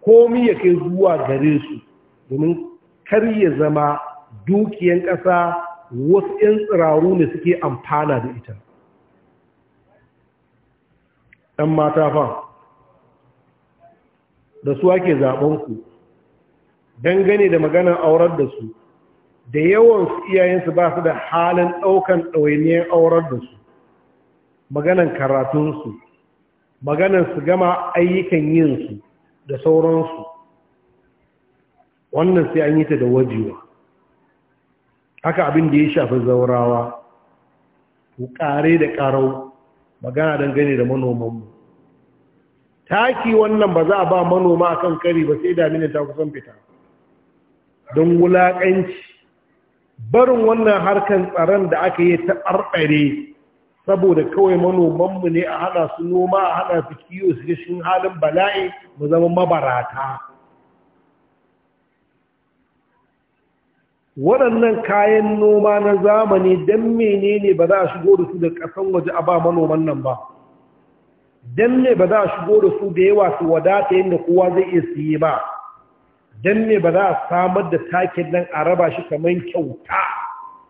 komi ya kai zuwa gare su domin kar ya zama dukiyan ƙasa wasu 'yan tsiraru ne suke amfana da ita ɗan mata fa da su ake ku, dangane da maganar aurar da su da yawansu iyayensu ba su da halin ɗaukan ɗawainiyar aurar da su maganan karatunsu maganan su gama ayyukan yinsu da sauransu wannan sai an yi ta da wajewa haka abin da ya shafi zaurawa ƙare da ƙarau magana dangane da manomanmu taki wannan ba za a ba manoma a kan kari ba sai damina ta kusan fita don wulaƙanci barin wannan harkan tsaron da aka yi ta ɓarɓare saboda kawai manomanmu ne a hada su noma a hada su kiwo su shi halin bala'i mu zama mabarata waɗannan kayan noma na zamani don menene ba za a shigo da su da ƙasan waje a ba manoman nan ba dan ne ba za a shigo da su da yawa su wadata yadda kowa zai iya siye ba dan ne ba za a samar da takin nan a raba shi kamar kyauta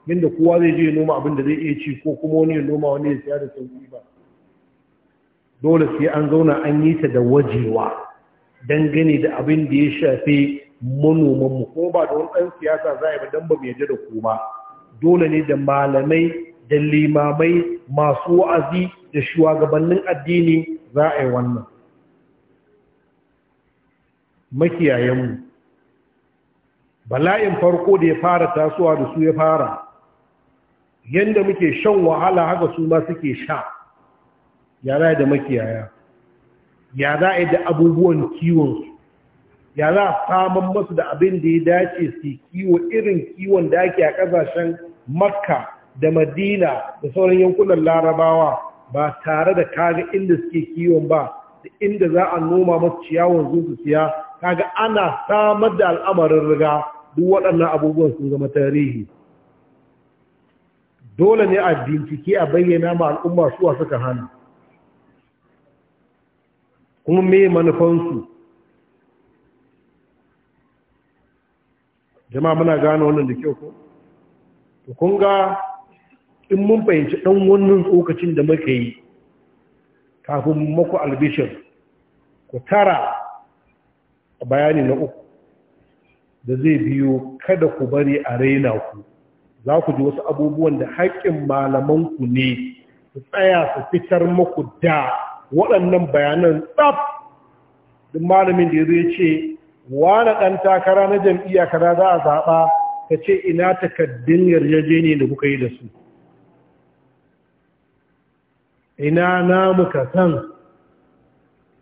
yadda kowa zai je noma abin da zai iya ci ko kuma wani ya noma wani ya siya da sauki ba dole sai an zauna an yi ta da wajewa dangane da abin da ya shafi mu ko ba da wani ɗan siyasa za a yi ba don ba mai da ku dole ne da malamai da limamai masu wa'azi da shugabannin addini za a yi wannan makiyayenmu bala'in farko da ya fara tasowa da su ya fara yadda muke shan wahala haka su ma suke sha ya za da makiyaya ya za a yi da abubuwan kiwonsu ya za a saman masu da abin da ya dace su kiwo irin kiwon da ake a ƙasashen makka da madina da sauran yankunan larabawa ba tare da kaga inda suke kiwon ba da inda za a noma masu ciyawan zuwa su siya kaga ana samar da al'amarin riga duk waɗannan abubuwan sun zama tarihi dole ne a bincike a bayyana ma al'umma suwa suka hana kuma me manufansu jama'a muna gane wannan da kyau ko? in mun fahimci ɗan wannan tsokacin da muka yi kafin maku albishir ku tara bayani na uku da zai biyo kada ku bari a raina ku za ku ji wasu abubuwan da haƙƙin malamanku ne su tsaya su fitar maku da waɗannan bayanan tsaf duk malamin da zai ce wani ɗan takara na jam'iyya kaza za a zaɓa ka ce ina takaddun yarjejeniya da kuka yi da su ina namu ka san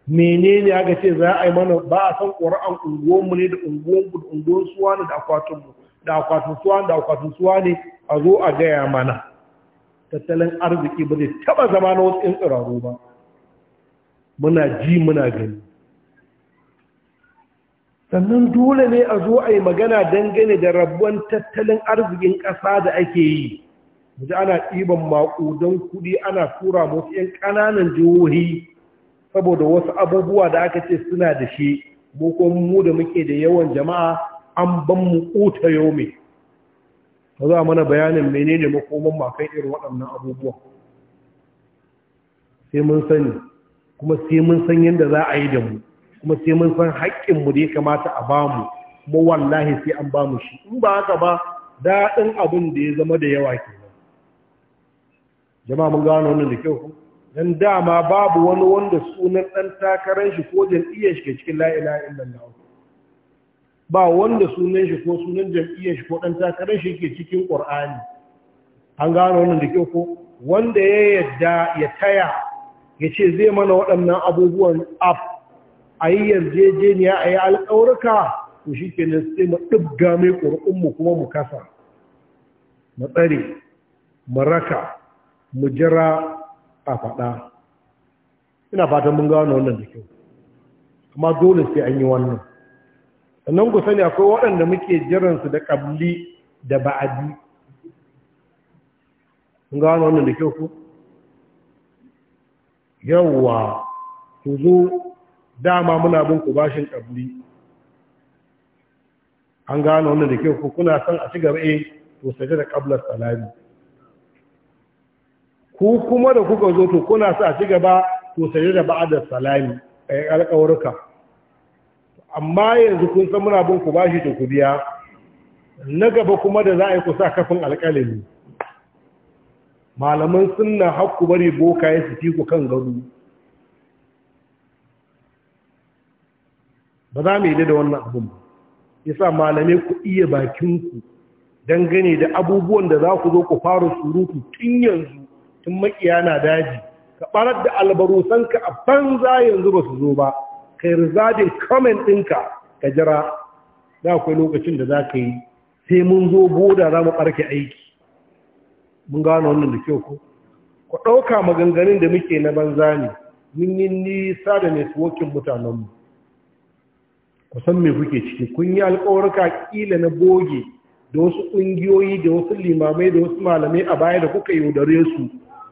menene aka ce za a yi mana ba a san ƙura'an unguwanmu ne da unguwanku da unguwan suwa ne da akwatinmu da akwatin suwa da akwatin suwa ne a zo a gaya mana tattalin arziki ba zai taɓa zama na wasu 'yan tsirarru ba muna ji muna gani sannan dole ne a zo a yi magana dangane da rabuwan tattalin arzikin ƙasa da ake yi ji ana ɗiban maƙudan kuɗi ana tura musu 'yan ƙananan jihohi saboda wasu abubuwa da aka ce suna da shi bukon mu da muke da yawan jama'a an ban mu ƙuta yau mai ta za mana bayanin menene makoman makon irin waɗannan abubuwa sai mun sani kuma sai mun san yadda za a yi da mu kuma sai mun san haƙƙinmu da ya kamata a ba mu kuma wallahi sai an ba mu shi in ba haka ba daɗin abin da ya zama da yawa ke jama'a mun gano wannan da kyau dan dama babu wani wanda sunan dan takarar shi ko jam'iyyar shi ke cikin la ilaha illallah ba wanda sunan shi ko sunan jam'iyyar shi ko dan takarar shi ke cikin qur'ani an gano wannan da kyau ko wanda ya yadda ya taya ya ce zai mana waɗannan abubuwan af a yi yarjejeniya a yi alƙawarka to shi ke nan sai mu ɗibga mai ƙuri'unmu kuma mu kasa mu tsare mu raka mu jira a faɗa ina fatan mun gano wannan da kyau amma dole sai an yi wannan sannan ku sani akwai waɗanda muke jiransu da ƙabli da ba'adi mun gano wannan da kyau ku yawwa ku zo dama muna bin ku bashin ƙabli an gano wannan da kyau ku kuna son a ci gaba eh to saje da ƙablar salami ku kuma da kuka zo to kuna sa ci gaba to sai da ba'da salami ay alƙawarka amma yanzu kun san muna bin ku bashi to ku biya na gaba kuma da za a yi ku sa kafin alƙalami malaman sunna hakku bari boka ya su ku kan gado. ba za mu yi da wannan abin ba yasa malamai ku iya bakin ku dangane da abubuwan da za ku zo ku fara surutu tun yanzu in makiya na daji ka barar da albarusanka a banza yanzu ba su zo ba kai rizabin comment ɗinka ka jira da akwai lokacin da za ka yi sai mun zo boda za mu ɓarke aiki mun gano wannan da kyau ko ku ɗauka maganganun da muke na banza ne mun yi nisa da networking mutanenmu ku san me kuke ciki kun yi alƙawarka ƙila na boge da wasu ƙungiyoyi da wasu limamai da wasu malamai a baya da kuka yaudare su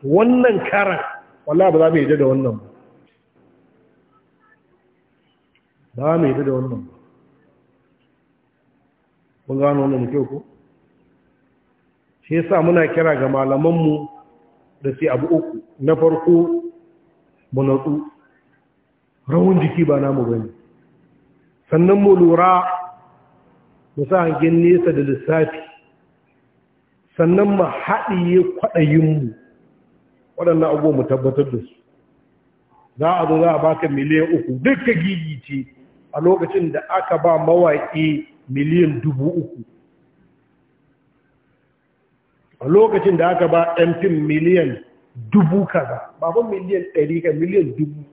wannan karan wallah ba za mu yi da wannan ba ba mu yi da wannan ba mun gano wannan kyau ko shi yasa muna kira ga malamanmu da su abu uku na farko mu natsu rawun jiki ba namu bane sannan mu lura mu sa nesa da lissafi sannan mu haɗiye kwaɗayinmu waɗannan abubuwan mu tabbatar da su za a zo za a baka miliyan uku duka gigice a lokacin da aka ba mawaƙi miliyan dubu uku a lokacin da aka ba ɗanfin miliyan dubu kaza babban miliyan ɗari ka miliyan dubu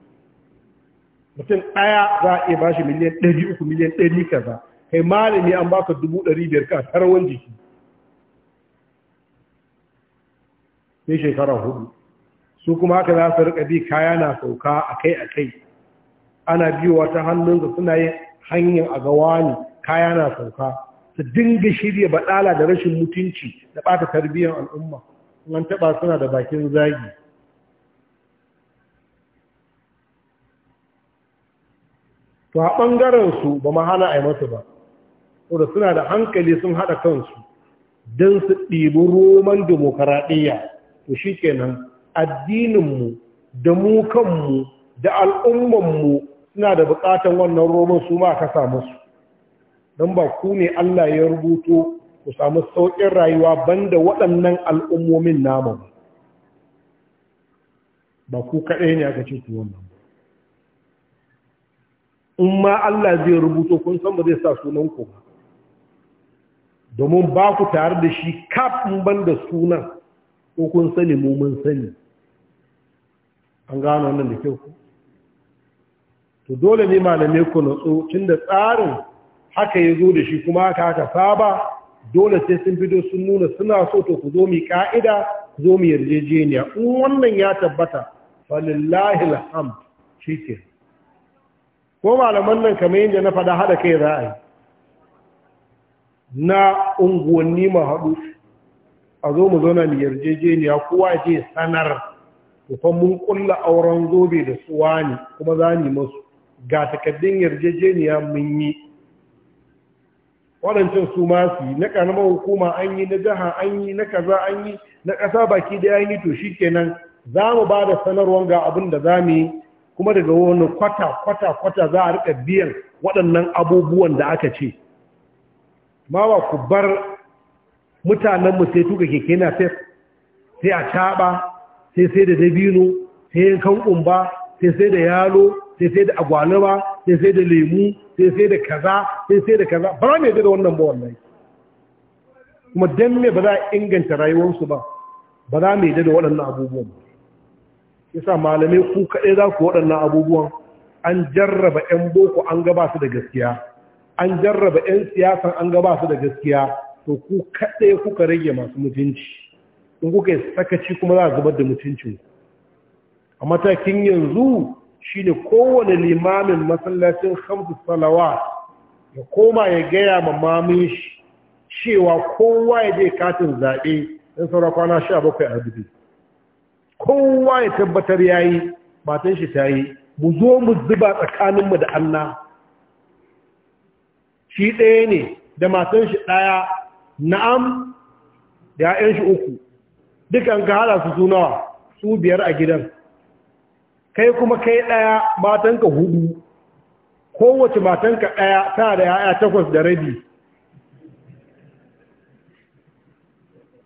mutum ɗaya za a iya ba shi miliyan ɗari uku miliyan ɗari kaza kai malami an baka dubu ɗari biyar ka tarwon jiki sai shekara hudu su kuma haka za su rika bi kaya na sauka akai akai ana biyuwa ta su suna yin hanyar a gawa ne kaya na sauka su dinga shirya baɗala da rashin mutunci da ɓata tarbiyyar al'umma an taɓa suna da bakin zagi to a ɓangaren su ba ma hana a yi masu ba wadda suna da hankali sun haɗa kansu don su ɗibi roman demokaraɗiyya to shi kenan addininmu da mu kanmu da al'ummanmu suna da buƙatar wannan roman su ma ka samu su don ba ku ne Allah ya rubuto ku samu sauƙin rayuwa banda waɗannan al'ummomin nama ba ku kaɗai ne aka ce ku wannan in ma Allah zai rubuto kun san ba zai sa sunan ku ba domin ba ku tare da shi kafin ban da sunan ko kun sani mu mun sani an gano wannan da kyau to dole ne malamai ku nutsu tunda tsarin haka ya zo da shi kuma haka haka saba dole sai sun fito sun nuna suna so to ku zo mu ka'ida ku zo mu yarjejeniya in wannan ya tabbata falillahi alhamd shike ko malaman nan kamar yadda na fada hada kai za na unguwanni ma haɗu a zo mu zo na mu yarjejeniya kowa je sanar fa mun kulla auren zobe da suwa wani kuma za ni masu ga takaddun yarjejeniya mun yi waɗancan su ma na ƙaramar hukuma an yi na jiha an yi na kaza an yi na ƙasa baki da an to shi kenan za mu ba da sanarwar ga abin da za mu yi kuma daga wani kwata kwata kwata za a riƙa biyan waɗannan abubuwan da aka ce ma ba ku bar mutanenmu sai tuka keke na sai a caɓa sai sai da dabino sai yankan kumba sai sai da yalo sai sai da agwaluma sai sai da lemu sai sai da kaza sai sai da kaza ba mai da wannan ba wallahi kuma dan me ba za a inganta rayuwarsu ba ba za mai da waɗannan abubuwan Ya yasa malamai ku kaɗai za ku waɗannan abubuwan an jarraba 'yan boko an gaba su da gaskiya an jarraba 'yan siyasan an gaba su da gaskiya to ku kaɗai kuka rage masu mutunci in kuka yi sakaci kuma za a zubar da mutuncin a matakin yanzu shi ne kowane limamin masallacin hamsu salawa ya koma ya gaya ma mamin shi cewa kowa ya je katin zaɓe don saura kwana sha bakwai a dubu kowa ya tabbatar ya yi matan shi ta yi mu zo mu zuba tsakaninmu da Allah shi ɗaya ne da matan shi ɗaya na'am da ‘ya'yan shi uku dukan ka hada su su nawa su biyar a gidan kai kuma kai ɗaya matanka hudu kowace matanka ɗaya ta da ya'ya takwas da rabi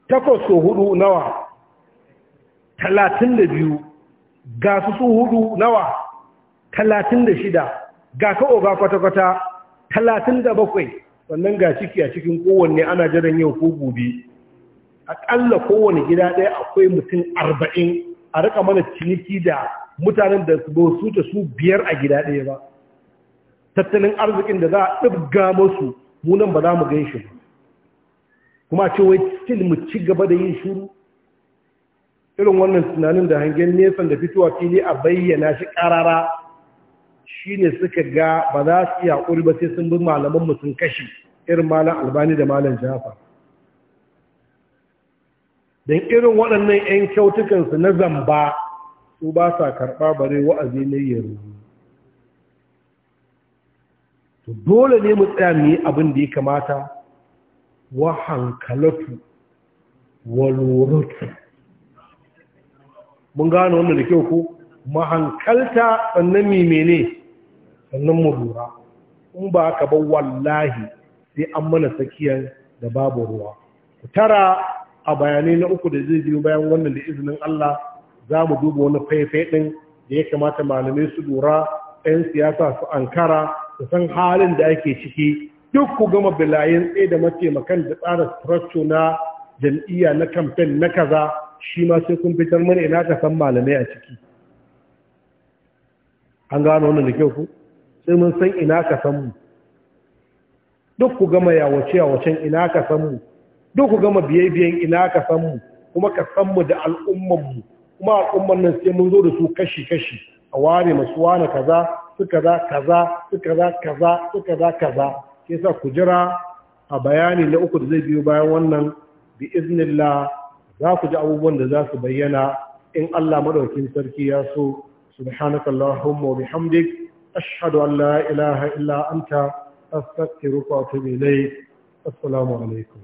takwas ko hudu nawa talatin da biyu ga su su hudu nawa talatin da shida ga ka oga kwata-kwata talatin da bakwai sannan ga ciki a cikin kowanne ana jiran yau ko gobe akalla kowane gida ɗaya akwai mutum arba'in a rika mana ciniki da mutanen da su su ta su biyar a gida ɗaya ba tattalin arzikin da za a ɗibga masu munan ba za mu gan shi ba kuma ce wai cikin mu ci gaba da yin shuru irin wannan tunanin da hangen nesan da fitowa fili a bayyana shi ƙarara shi ne suka ga ba za su iya ƙuri ba sai sun bi malaman sun kashe irin malan albani da malam jafa Dan irin waɗannan 'yan kyautukansu na zamba su ba sa karɓa bare wa'azi ne ya to dole ne mu tsaya mu yi abin da ya kamata wa hankalatu wa lorotu mun gano wanda da kyau ko mahankalta sannan mi mene sannan mu lura in ba ka ba wallahi sai an mana tsakiyar da babu ruwa ku tara a bayanai na uku da zai biyo bayan wannan da izinin Allah za mu duba wani faifai ɗin da ya kamata malamai su lura 'yan siyasa su ankara su san halin da ake ciki duk ku gama bilayen tsaye da mataimakan da tsara structure na jam'iyya na kamfen na kaza shi ma sai kun fitar mana ina ka san malamai a ciki an gano wannan da kyau ku sai mun san ina ka san mu duk ku gama yawace yawacen ina ka san mu duk ku gama biye-biyen ina ka san mu kuma ka san mu da al'umman mu kuma al'umman nan sai mun zo da su kashi-kashi a ware masu wane kaza su kaza kaza su kaza kaza su kaza kaza ke sa ku jira a bayani na uku da zai biyo bayan wannan bi iznillah za ku ji abubuwan da za su bayyana in Allah maɗaukin sarki ya so subhanaka wa bihamdik ashhadu an la ilaha illa anta astaghfiruka wa atubu ilayk assalamu alaikum